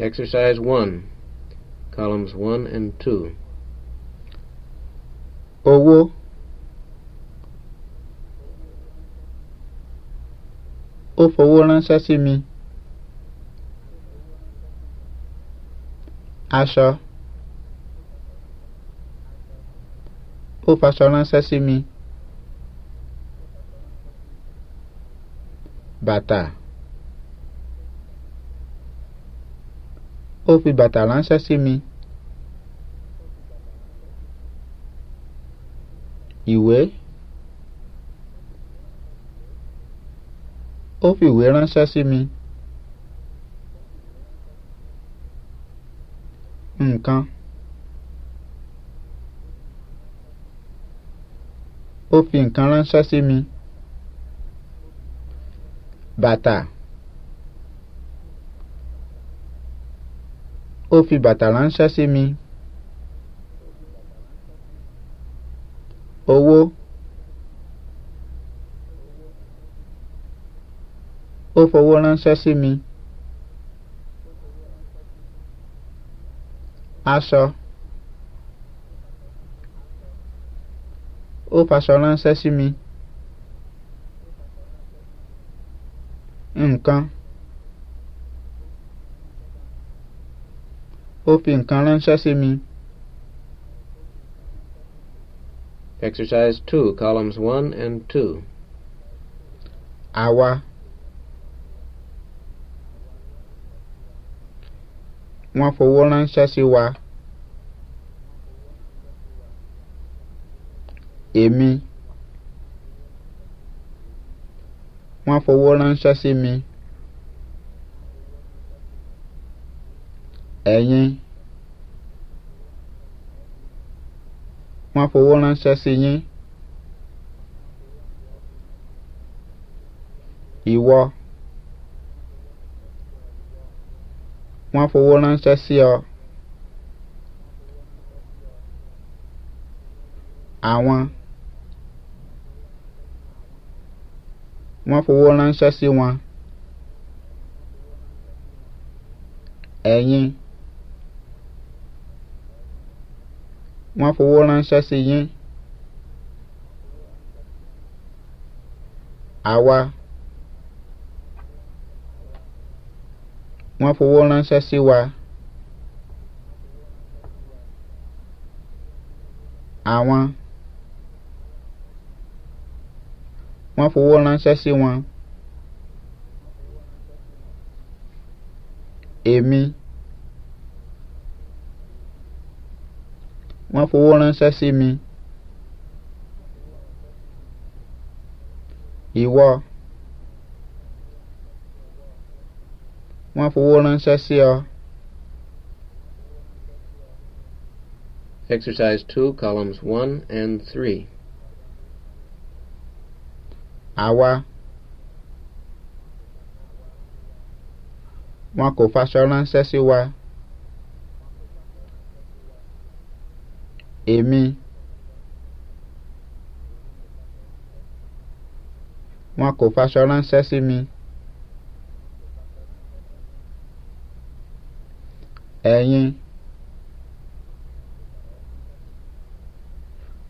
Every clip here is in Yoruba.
Exercise 1, columns 1 and 2. Owó Ó fowó ránṣẹ́ sí mi. Aṣọ Ó faṣọ ránṣẹ́ sí mi. Bàtà. ó fi bàtà ránṣẹ́ sí mi. ìwé ó fi ìwé ránṣẹ́ sí mi. nǹkan ó fi nǹkan ránṣẹ́ sí mi. bàtà. ó fi bàtà ránṣẹ́ sí mi. owó ó fowó ránṣẹ́ sí mi. aṣọ ó faṣọ ránṣẹ́ sí mi. nǹkan. ó fi nǹkan ránṣẹ́ sí mi. Exercise 2, columns 1 and 2. Àwa. Wọ́n fowó ránṣẹ́ sí wa. Èmi. Wọ́n fowó ránṣẹ́ sí mi. ẹ̀yin fowó ránṣẹ́ sí yín ìwọ wọ́n fowó ọ àwọn wọ́n fowó wọn wọ́n fowó ránṣẹ́ sí yín àwa wọ́n fowó ránṣẹ́ sí wa àwọn wọ́n fowó ránṣẹ́ sí wọn èmi. E wọ́n fowó ránṣẹ́ sí mi. ìwọ wọ́n fowó ránṣẹ́ sí ọ. Exercise 2, columns 1 and 3. Àwa wọn kò faṣọ ránṣẹ́ sí wa. èmi wọn kò faṣọ ránṣẹ́ sí mi ẹ̀yin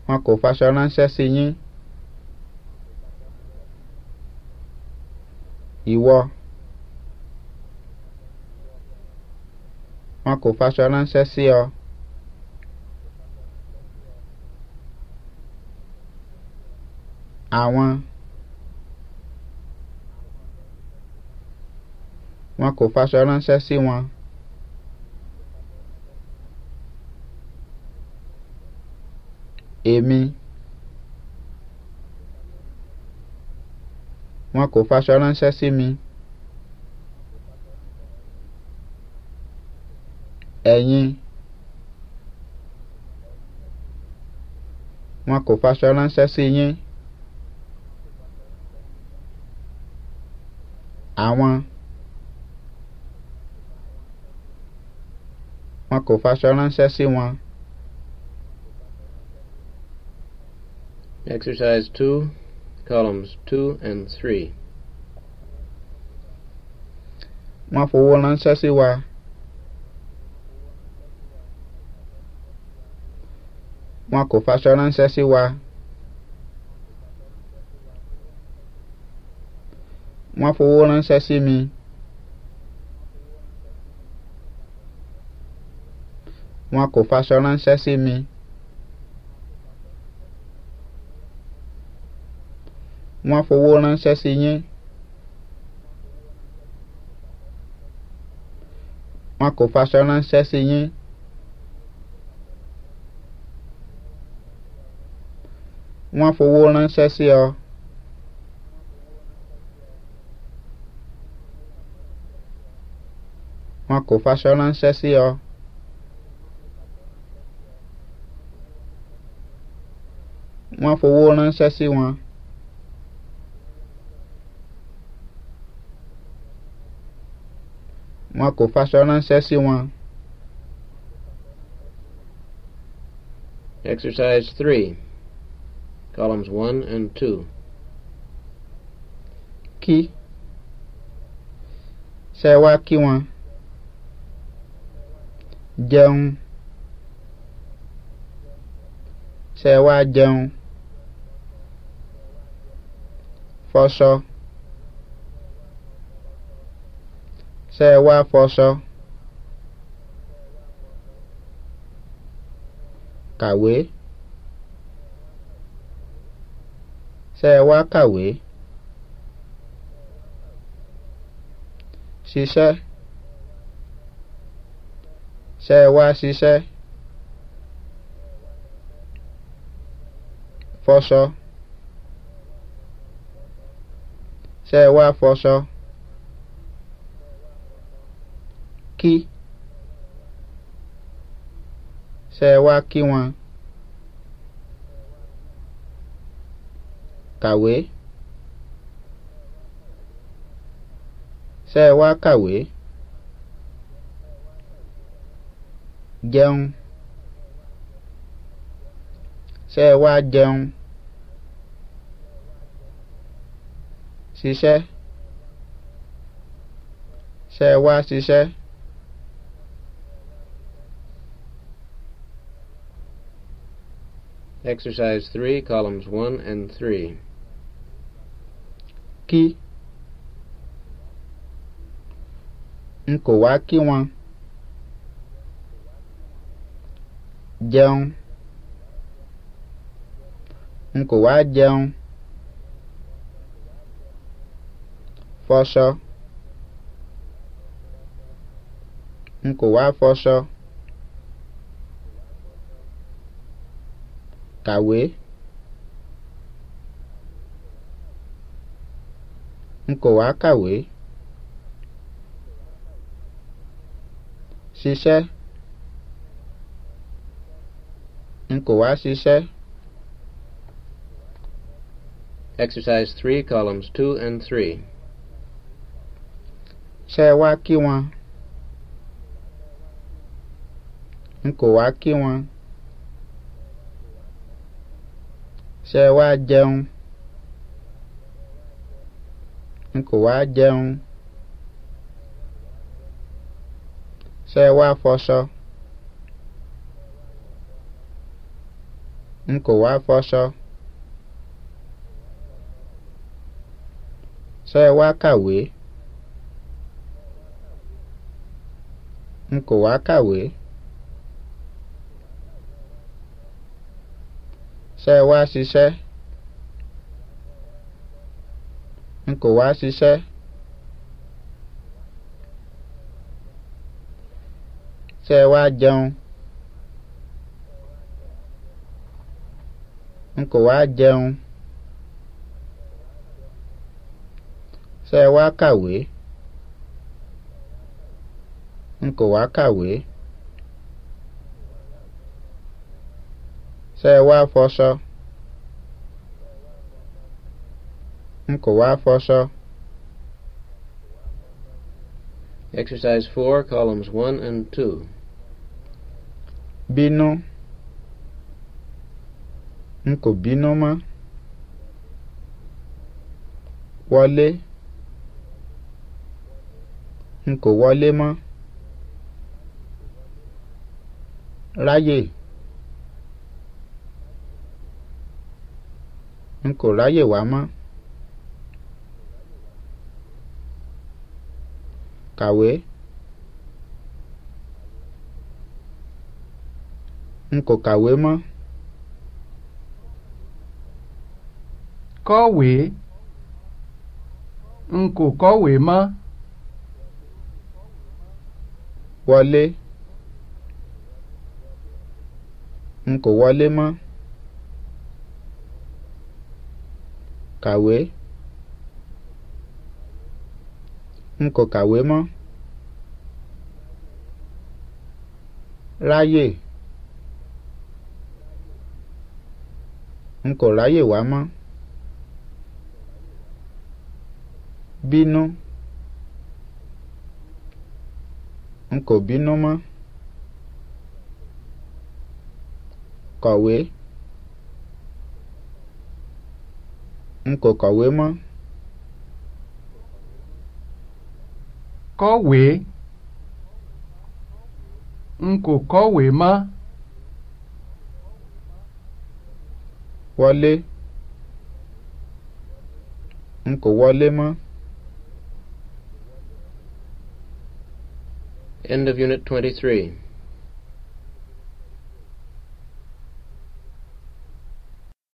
wọn kò faṣọ ránṣẹ́ sí yín ìwọ wọn kò faṣọ ránṣẹ́ sí ọ. àwọn wọn kò faṣọ ránṣẹ́ sí wọn. èmi wọn kò faṣọ ránṣẹ́ sí mi. ẹ̀yin wọn kò faṣọ ránṣẹ́ sí yín. àwọn wọn kò faṣọ ránṣẹ́ sí wọn. Exercise 2, columns 2 and 3. Wọ́n fowó ránṣẹ́ sí wa. Wọn kò faṣọ ránṣẹ́ sí wa. wọ́n fowó ránṣẹ́ sí mi. wọn kò faṣọ ránṣẹ́ sí mi. wọ́n fowó ránṣẹ́ sí yín. wọn kò faṣọ ránṣẹ́ sí yín. wọ́n fowó ránṣẹ́ sí ọ. wọn kò faṣọ ránṣẹ́ sí ọ. wọ́n fowó ránṣẹ́ sí wọn. wọn kò faṣọ ránṣẹ́ sí wọn. Exercise three. columns one and two. Kí. Ṣé wá kí wọn jẹun ṣe wá jẹun fọṣọ ṣe wá fọṣọ kàwé ṣe wá kàwé ṣiṣẹ́ ṣe é wá ṣiṣẹ́ fọṣọ ṣe é wá fọṣọ kí ṣe é wá kí wọn kàwé ṣe é wá kàwé. jẹun ṣé ẹ wá jẹun ṣiṣẹ́ ṣé ẹ wá ṣiṣẹ́. Exercise 3, columns 1 and 3. Kí. N kò wá kí wọn. jẹun n kò wá jẹun fọṣọ n kò wá fọṣọ kàwé n kò wá kàwé ṣiṣẹ́. kò wá ṣiṣẹ́. exercise three columns two and three. ṣé wá kí wọn. n kò wá kí wọn. ṣé wá jẹun. n kò wá jẹun. ṣé wá fọṣọ. nkụwa fọṣọ ṣé wá kàwé kawe! kò wá kàwé ṣé wá ṣiṣẹ́ wá ṣé wá jẹun n kò wá jẹun ṣé ẹ wá kàwé n kò wá kàwé ṣé ẹ wá fọṣọ n kò wá fọṣọ. Exercise 4, columns 1 and 2. Binu n kò bínú mọ́ wọlé n kò wọlé mọ́ ráyè n kò ráyè wá mọ́ kàwé n kò kàwé mọ́. kọ̀wé n kò kọ̀wé mọ́. wọlé n kò wọlé mọ́. kàwé n kò kàwé mọ́. ráyè n kò ráyè wá mọ́. bínú n kò bínú mọ́ kọ̀wé n kò kọ̀wé mọ́ kọ̀wé n kò kọ̀wé mọ́ wọlé n kò wọlé mọ́. End of Unit 23.